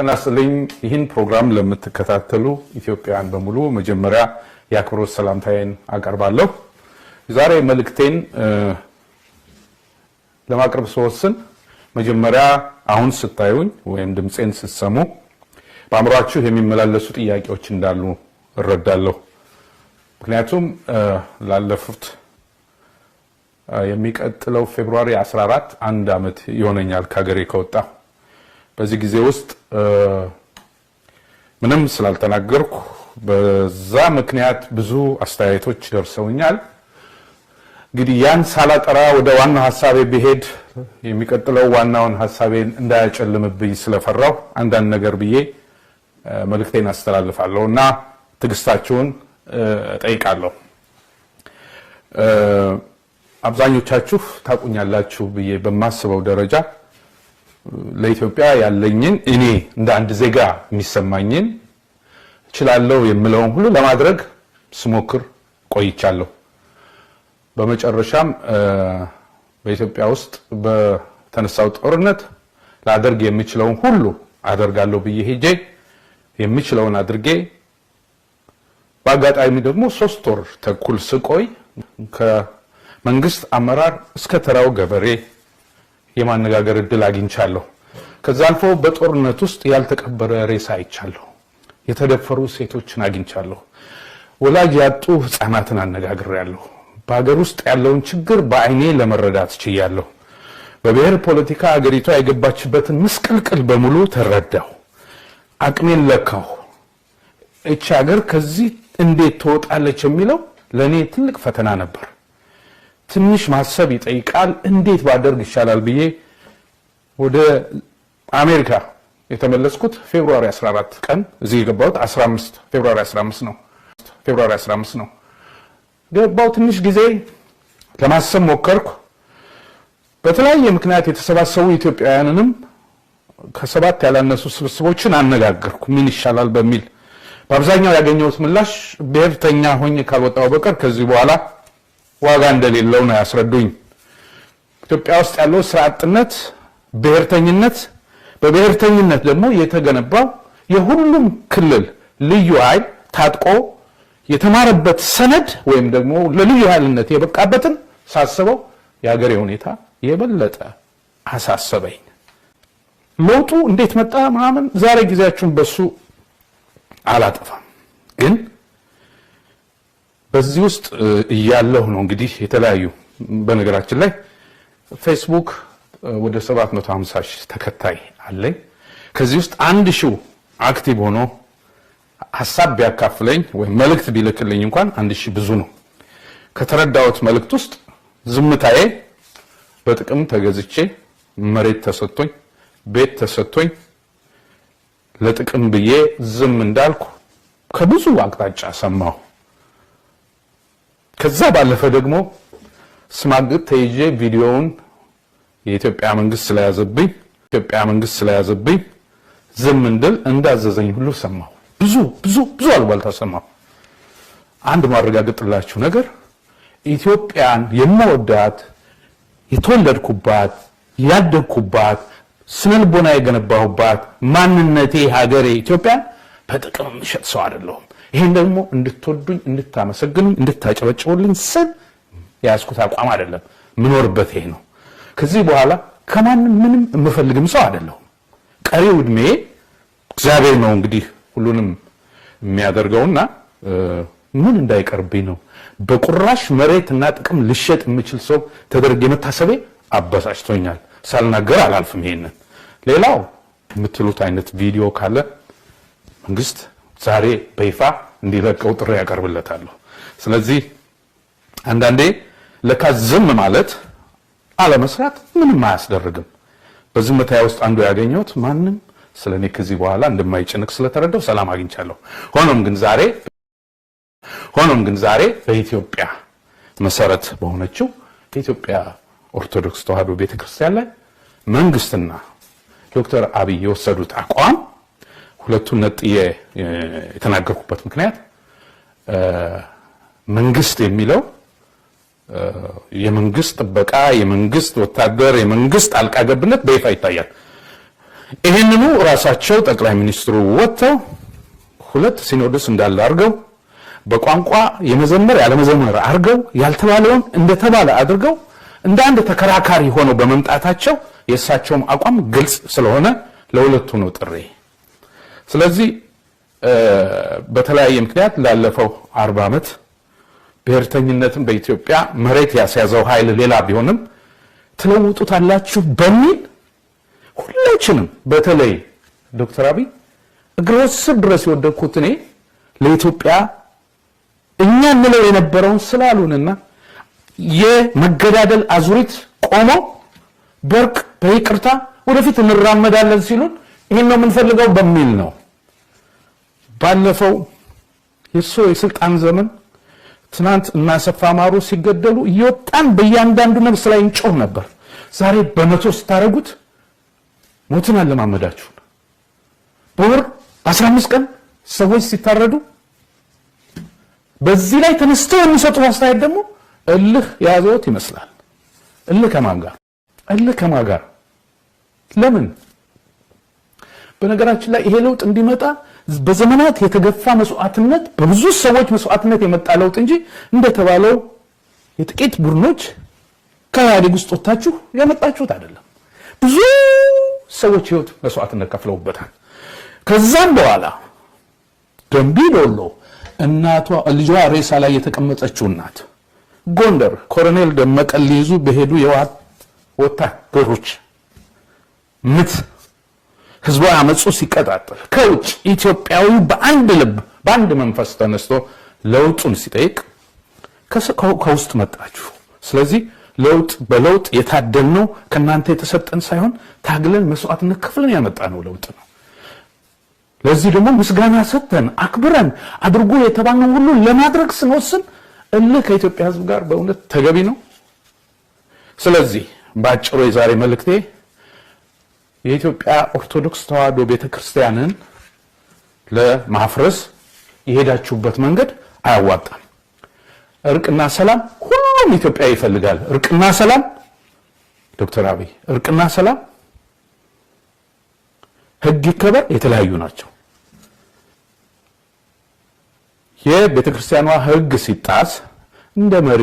ጤና ይስጥልኝ። ይህን ፕሮግራም ለምትከታተሉ ኢትዮጵያውያን በሙሉ መጀመሪያ የአክብሮት ሰላምታዬን አቀርባለሁ። ዛሬ መልእክቴን ለማቅረብ ስወስን መጀመሪያ አሁን ስታዩኝ ወይም ድምፄን ስትሰሙ በአእምሯችሁ የሚመላለሱ ጥያቄዎች እንዳሉ እረዳለሁ። ምክንያቱም ላለፉት የሚቀጥለው ፌብሩዋሪ 14 አንድ ዓመት ይሆነኛል ከሀገሬ ከወጣሁ በዚህ ጊዜ ውስጥ ምንም ስላልተናገርኩ በዛ ምክንያት ብዙ አስተያየቶች ደርሰውኛል። እንግዲህ ያን ሳላጠራ ወደ ዋናው ሀሳቤ ብሄድ የሚቀጥለው ዋናውን ሀሳቤን እንዳያጨልምብኝ ስለፈራው አንዳንድ ነገር ብዬ መልእክቴን አስተላልፋለሁ እና ትዕግስታችሁን እጠይቃለሁ። አብዛኞቻችሁ ታቁኛላችሁ ብዬ በማስበው ደረጃ ለኢትዮጵያ ያለኝን እኔ እንደ አንድ ዜጋ የሚሰማኝን እችላለሁ የምለውን ሁሉ ለማድረግ ስሞክር ቆይቻለሁ። በመጨረሻም በኢትዮጵያ ውስጥ በተነሳው ጦርነት ላደርግ የምችለውን ሁሉ አደርጋለሁ ብዬ ሄጄ የምችለውን አድርጌ በአጋጣሚ ደግሞ ሶስት ወር ተኩል ስቆይ ከመንግስት አመራር እስከ ተራው ገበሬ የማነጋገር እድል አግኝቻለሁ። ከዛ አልፎ በጦርነት ውስጥ ያልተቀበረ ሬሳ አይቻለሁ። የተደፈሩ ሴቶችን አግኝቻለሁ። ወላጅ ያጡ ህፃናትን አነጋግሬያለሁ። በሀገር ውስጥ ያለውን ችግር በአይኔ ለመረዳት ችያለሁ። በብሔር ፖለቲካ አገሪቷ የገባችበትን ምስቅልቅል በሙሉ ተረዳሁ። አቅሜን ለካሁ። እች ሀገር ከዚህ እንዴት ትወጣለች የሚለው ለእኔ ትልቅ ፈተና ነበር። ትንሽ ማሰብ ይጠይቃል። እንዴት ባደርግ ይሻላል ብዬ ወደ አሜሪካ የተመለስኩት ፌብሩዋሪ 14 ቀን እዚህ የገባሁት 15 ፌብሩዋሪ 15 ነው። ፌብሩዋሪ 15 ነው ገባሁ። ትንሽ ጊዜ ለማሰብ ሞከርኩ። በተለያየ ምክንያት የተሰባሰቡ ኢትዮጵያውያንንም ከሰባት ያላነሱ ስብስቦችን አነጋገርኩ ምን ይሻላል በሚል በአብዛኛው ያገኘሁት ምላሽ ብሔርተኛ ሆኜ ካልወጣው በቀር ከዚህ በኋላ ዋጋ እንደሌለው ነው ያስረዱኝ። ኢትዮጵያ ውስጥ ያለው ስራ አጥነት፣ ብሔርተኝነት፣ በብሔርተኝነት ደግሞ የተገነባው የሁሉም ክልል ልዩ ኃይል ታጥቆ የተማረበት ሰነድ ወይም ደግሞ ለልዩ ኃይልነት የበቃበትን ሳስበው የሀገሬ ሁኔታ የበለጠ አሳሰበኝ። ለውጡ እንዴት መጣ ምናምን ዛሬ ጊዜያችሁን በሱ አላጠፋም ግን በዚህ ውስጥ እያለሁ ነው እንግዲህ የተለያዩ በነገራችን ላይ ፌስቡክ ወደ 750 ሺህ ተከታይ አለኝ። ከዚህ ውስጥ አንድ ሺው አክቲቭ ሆኖ ሀሳብ ቢያካፍለኝ ወይም መልእክት ቢልክልኝ እንኳን አንድ ሺህ ብዙ ነው። ከተረዳሁት መልእክት ውስጥ ዝምታዬ በጥቅም ተገዝቼ መሬት ተሰጥቶኝ ቤት ተሰጥቶኝ ለጥቅም ብዬ ዝም እንዳልኩ ከብዙ አቅጣጫ ሰማሁ። ከዛ ባለፈ ደግሞ ስማግጥ ተይዤ ቪዲዮውን የኢትዮጵያ መንግስት ስለያዘብኝ ኢትዮጵያ መንግስት ስለያዘብኝ ዝም እንድል እንዳዘዘኝ ሁሉ ሰማሁ። ብዙ ብዙ ብዙ አልባልታ ሰማሁ። አንድ ማረጋገጥላችሁ ነገር ኢትዮጵያን የምወዳት የተወለድኩባት ያደግኩባት ስነልቦና የገነባሁባት ማንነቴ ሀገሬ ኢትዮጵያን በጥቅም የምሸጥ ሰው አይደለሁም። ይህን ደግሞ እንድትወዱኝ፣ እንድታመሰግኑኝ፣ እንድታጨበጭቡልኝ ስል የያዝኩት አቋም አይደለም። ምኖርበት ይሄ ነው። ከዚህ በኋላ ከማንም ምንም የምፈልግም ሰው አይደለሁም። ቀሪው እድሜ እግዚአብሔር ነው እንግዲህ ሁሉንም የሚያደርገውና ምን እንዳይቀርብኝ ነው። በቁራሽ መሬት እና ጥቅም ልሸጥ የምችል ሰው ተደርጌ መታሰቤ አበሳጭቶኛል። ሳልናገር አላልፍም። ይሄንን ሌላው የምትሉት አይነት ቪዲዮ ካለ መንግስት ዛሬ በይፋ እንዲለቀው ጥሪ ያቀርብለታለሁ። ስለዚህ አንዳንዴ ለካ ዝም ማለት አለመስራት ምንም አያስደርግም። በዝምታ ውስጥ አንዱ ያገኘሁት ማንም ስለ እኔ ከዚህ በኋላ እንደማይጭንቅ ስለተረዳው ሰላም አግኝቻለሁ። ሆኖም ግን ዛሬ ሆኖም ግን ዛሬ በኢትዮጵያ መሰረት በሆነችው የኢትዮጵያ ኦርቶዶክስ ተዋሕዶ ቤተክርስቲያን ላይ መንግስትና ዶክተር አብይ የወሰዱት አቋም ሁለቱን ነጥዬ የተናገርኩበት ምክንያት መንግስት የሚለው የመንግስት ጥበቃ፣ የመንግስት ወታደር፣ የመንግስት ጣልቃ ገብነት በይፋ ይታያል። ይህንኑ ራሳቸው ጠቅላይ ሚኒስትሩ ወጥተው ሁለት ሲኖዶስ እንዳለ አድርገው በቋንቋ የመዘመር ያለመዘመር አድርገው ያልተባለውን እንደተባለ አድርገው እንደ አንድ ተከራካሪ ሆነው በመምጣታቸው የእሳቸውም አቋም ግልጽ ስለሆነ ለሁለቱ ነው ጥሬ ስለዚህ በተለያየ ምክንያት ላለፈው አርባ ዓመት ብሔርተኝነትን በኢትዮጵያ መሬት ያስያዘው ኃይል ሌላ ቢሆንም ትለውጡታላችሁ በሚል ሁላችንም በተለይ ዶክተር አብይ እግረ ስር ድረስ የወደኩት እኔ ለኢትዮጵያ እኛ እንለው የነበረውን ስላሉንና የመገዳደል አዙሪት ቆሞ በእርቅ በይቅርታ ወደፊት እንራመዳለን ሲሉን ይህን ነው የምንፈልገው በሚል ነው። ባለፈው የሶ የስልጣን ዘመን ትናንት እና ሰፋ ማሩ ሲገደሉ እየወጣን በእያንዳንዱ ነፍስ ላይ እንጮህ ነበር። ዛሬ በመቶ ስታደርጉት ሞትን አለማመዳችሁ። በወር በ15 ቀን ሰዎች ሲታረዱ በዚህ ላይ ተነስተው የሚሰጡ አስተያየት ደግሞ እልህ የያዘዎት ይመስላል። እልህ ከማን ጋር? እልህ ከማን ጋር? ለምን? በነገራችን ላይ ይሄ ለውጥ እንዲመጣ በዘመናት የተገፋ መስዋዕትነት በብዙ ሰዎች መስዋዕትነት የመጣ ለውጥ እንጂ እንደተባለው የጥቂት ቡድኖች ከኢህአዴግ ውስጥ ወጥታችሁ ያመጣችሁት አይደለም። ብዙ ሰዎች ህይወት መስዋዕትነት ከፍለውበታል። ከዛም በኋላ ደንቢ ዶሎ እናቷ ልጇ ሬሳ ላይ የተቀመጠችው እናት ጎንደር ኮሎኔል ደመቀ ሊይዙ በሄዱ የዋት ወታደሮች ምት ህዝቡ አመፁ ሲቀጣጠል ከውጭ ኢትዮጵያዊ በአንድ ልብ በአንድ መንፈስ ተነስቶ ለውጡን ሲጠይቅ ከውስጥ መጣችሁ። ስለዚህ ለውጥ በለውጥ ነው ከእናንተ የተሰጠን ሳይሆን ታግለን መስዋዕትነት ከፍለን ያመጣነው ለውጥ ነው። ለዚህ ደግሞ ምስጋና ሰጥተን አክብረን አድርጎ የተባልነው ሁሉ ለማድረግ ስንወስን እልህ ከኢትዮጵያ ህዝብ ጋር በእውነት ተገቢ ነው። ስለዚህ በአጭሩ የዛሬ መልእክቴ የኢትዮጵያ ኦርቶዶክስ ተዋሕዶ ቤተክርስቲያንን ለማፍረስ የሄዳችሁበት መንገድ አያዋጣም። እርቅና ሰላም ሁሉም ኢትዮጵያ ይፈልጋል። እርቅና ሰላም ዶክተር አብይ እርቅና ሰላም ህግ ይከበር የተለያዩ ናቸው። የቤተክርስቲያኗ ህግ ሲጣስ እንደ መሪ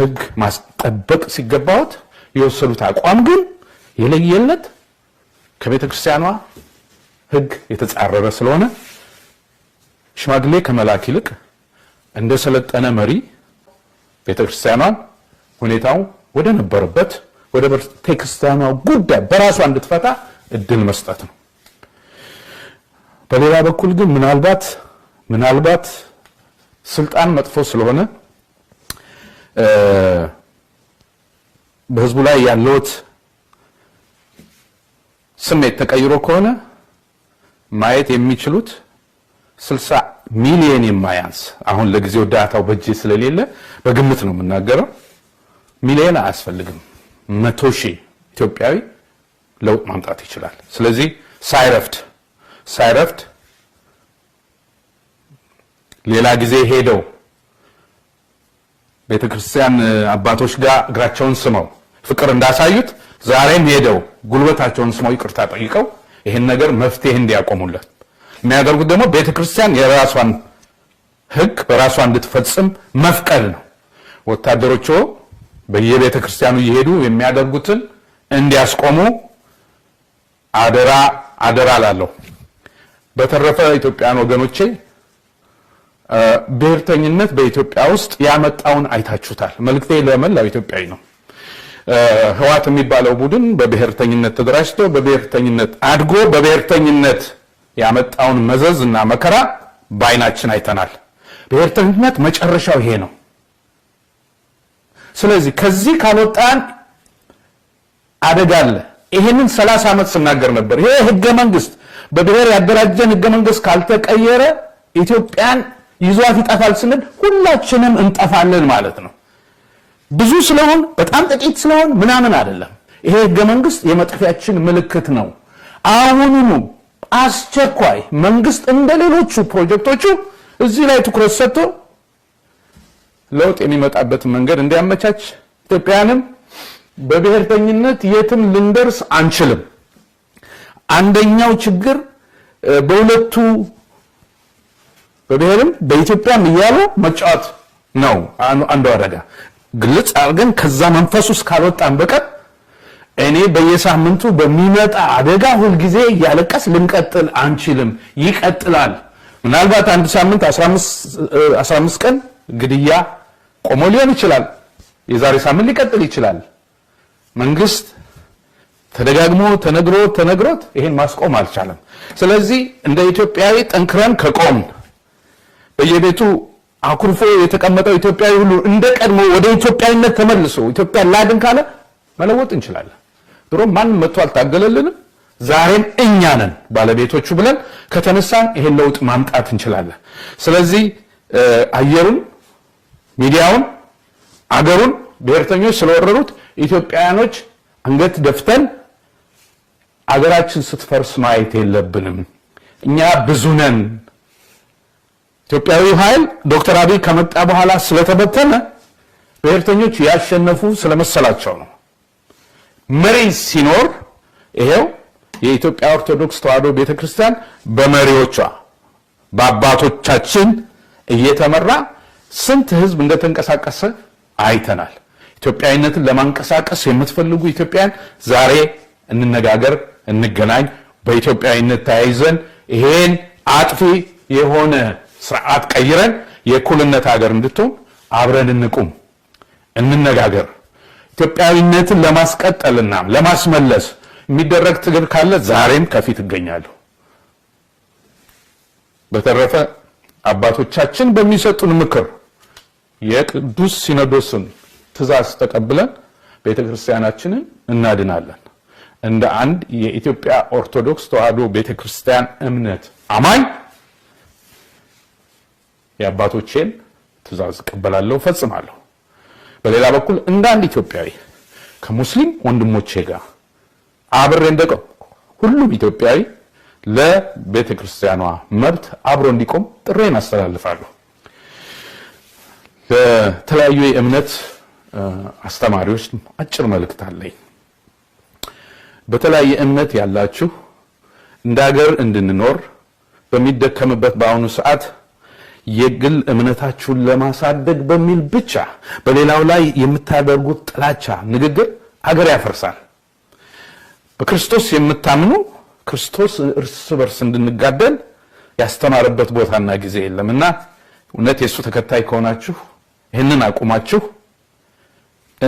ህግ ማስጠበቅ ሲገባዎት የወሰዱት አቋም ግን የለየለት ከቤተ ክርስቲያኗ ሕግ የተጻረረ ስለሆነ ሽማግሌ ከመላክ ይልቅ እንደ ሰለጠነ መሪ ቤተ ክርስቲያኗን ሁኔታው ወደ ነበረበት ወደ ቤተ ክርስቲያኗ ጉዳይ በራሷ እንድትፈታ እድል መስጠት ነው። በሌላ በኩል ግን ምናልባት ምናልባት ስልጣን መጥፎ ስለሆነ በህዝቡ ላይ ያለውት ስሜት ተቀይሮ ከሆነ ማየት የሚችሉት 60 ሚሊዮን የማያንስ አሁን ለጊዜው ዳታው በእጄ ስለሌለ በግምት ነው የምናገረው። ሚሊዮን አያስፈልግም። መቶ ሺህ ኢትዮጵያዊ ለውጥ ማምጣት ይችላል። ስለዚህ ሳይረፍድ ሳይረፍድ ሌላ ጊዜ ሄደው ቤተክርስቲያን አባቶች ጋር እግራቸውን ስመው ፍቅር እንዳሳዩት ዛሬም ሄደው ጉልበታቸውን ስመው ይቅርታ ጠይቀው ይህን ነገር መፍትሄ እንዲያቆሙለት የሚያደርጉት ደግሞ ቤተክርስቲያን የራሷን ሕግ በራሷ እንድትፈጽም መፍቀድ ነው። ወታደሮቹ በየቤተ ክርስቲያኑ እየሄዱ የሚያደርጉትን እንዲያስቆሙ አደራ አደራ ላለሁ። በተረፈ ኢትዮጵያን ወገኖቼ ብሔርተኝነት በኢትዮጵያ ውስጥ ያመጣውን አይታችሁታል። መልእክቴ ለመላው ኢትዮጵያዊ ነው። ህዋት የሚባለው ቡድን በብሔርተኝነት ተደራጅቶ በብሔርተኝነት አድጎ በብሔርተኝነት ያመጣውን መዘዝ እና መከራ በአይናችን አይተናል። ብሔርተኝነት መጨረሻው ይሄ ነው። ስለዚህ ከዚህ ካልወጣን አደጋ አለ። ይሄንን ሰላሳ ዓመት ስናገር ነበር። ይሄ ህገ መንግስት በብሔር ያደራጀን ህገ መንግስት ካልተቀየረ ኢትዮጵያን ይዟት ይጠፋል ስንል ሁላችንም እንጠፋለን ማለት ነው። ብዙ ስለሆን በጣም ጥቂት ስለሆን ምናምን አይደለም። ይሄ ህገ መንግስት የመጥፊያችን ምልክት ነው። አሁኑኑ አስቸኳይ መንግስት እንደ ሌሎቹ ፕሮጀክቶቹ እዚህ ላይ ትኩረት ሰጥቶ ለውጥ የሚመጣበትን መንገድ እንዲያመቻች ኢትዮጵያንም በብሔርተኝነት የትም ልንደርስ አንችልም። አንደኛው ችግር በሁለቱ በብሔርም በኢትዮጵያም እያሉ መጫወት ነው። አንዱ አደጋ ግልጽ አድርገን ከዛ መንፈስ ውስጥ ካልወጣን በቀር እኔ በየሳምንቱ በሚመጣ አደጋ ሁልጊዜ እያለቀስ ልንቀጥል አንችልም። ይቀጥላል። ምናልባት አንድ ሳምንት 15 ቀን ግድያ ቆሞ ሊሆን ይችላል። የዛሬ ሳምንት ሊቀጥል ይችላል። መንግስት ተደጋግሞ ተነግሮ ተነግሮት ይሄን ማስቆም አልቻለም። ስለዚህ እንደ ኢትዮጵያዊ ጠንክረን ከቆም በየቤቱ አኩርፎ የተቀመጠው ኢትዮጵያዊ ሁሉ እንደ ቀድሞ ወደ ኢትዮጵያዊነት ተመልሶ ኢትዮጵያ ላድን ካለ መለወጥ እንችላለን። ድሮም ማንም መጥቶ አልታገለልንም። ዛሬም እኛ ነን ባለቤቶቹ ብለን ከተነሳን ይሄን ለውጥ ማምጣት እንችላለን። ስለዚህ አየሩን፣ ሚዲያውን፣ አገሩን ብሔርተኞች ስለወረሩት ኢትዮጵያውያኖች አንገት ደፍተን አገራችን ስትፈርስ ማየት የለብንም። እኛ ብዙ ነን። ኢትዮጵያዊ ኃይል ዶክተር አብይ ከመጣ በኋላ ስለተበተነ ብሔርተኞች ያሸነፉ ስለመሰላቸው ነው። መሪ ሲኖር ይሄው የኢትዮጵያ ኦርቶዶክስ ተዋሕዶ ቤተክርስቲያን በመሪዎቿ በአባቶቻችን እየተመራ ስንት ህዝብ እንደተንቀሳቀሰ አይተናል። ኢትዮጵያዊነትን ለማንቀሳቀስ የምትፈልጉ ኢትዮጵያን ዛሬ እንነጋገር፣ እንገናኝ። በኢትዮጵያዊነት ተያይዘን ይሄን አጥፊ የሆነ ስርዓት ቀይረን የእኩልነት ሀገር እንድትሆን አብረን እንቁም፣ እንነጋገር። ኢትዮጵያዊነትን ለማስቀጠልና ለማስመለስ የሚደረግ ትግል ካለ ዛሬም ከፊት እገኛለሁ። በተረፈ አባቶቻችን በሚሰጡን ምክር የቅዱስ ሲኖዶስን ትእዛዝ ተቀብለን ቤተ ክርስቲያናችንን እናድናለን። እንደ አንድ የኢትዮጵያ ኦርቶዶክስ ተዋሕዶ ቤተ ክርስቲያን እምነት አማኝ የአባቶቼን ትእዛዝ እቀበላለሁ፣ ፈጽማለሁ። በሌላ በኩል እንደ አንድ ኢትዮጵያዊ ከሙስሊም ወንድሞቼ ጋር አብሬ እንደቆም ሁሉም ኢትዮጵያዊ ለቤተ ክርስቲያኗ መብት አብሮ እንዲቆም ጥሬን አስተላልፋለሁ። ለተለያዩ የእምነት አስተማሪዎች አጭር መልእክት አለኝ። በተለያየ እምነት ያላችሁ እንደ ሀገር እንድንኖር በሚደከምበት በአሁኑ ሰዓት የግል እምነታችሁን ለማሳደግ በሚል ብቻ በሌላው ላይ የምታደርጉት ጥላቻ ንግግር አገር ያፈርሳል። በክርስቶስ የምታምኑ ክርስቶስ እርስ በርስ እንድንጋደል ያስተማረበት ቦታና ጊዜ የለም እና እውነት የእሱ ተከታይ ከሆናችሁ ይህንን አቁማችሁ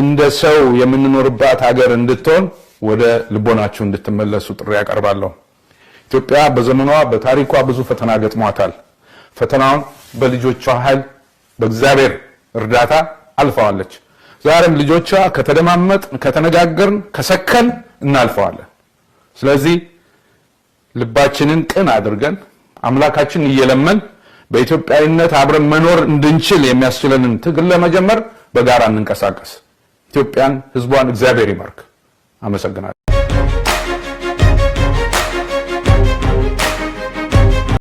እንደ ሰው የምንኖርባት ሀገር እንድትሆን ወደ ልቦናችሁ እንድትመለሱ ጥሪ ያቀርባለሁ። ኢትዮጵያ በዘመኗ በታሪኳ ብዙ ፈተና ገጥሟታል። ፈተናውን በልጆቿ ኃይል በእግዚአብሔር እርዳታ አልፈዋለች። ዛሬም ልጆቿ ከተደማመጥን፣ ከተነጋገርን፣ ከሰከን እናልፈዋለን። ስለዚህ ልባችንን ቅን አድርገን አምላካችን እየለመን በኢትዮጵያዊነት አብረን መኖር እንድንችል የሚያስችለንን ትግል ለመጀመር በጋራ እንንቀሳቀስ። ኢትዮጵያን ሕዝቧን እግዚአብሔር ይመርክ አመሰግናለሁ።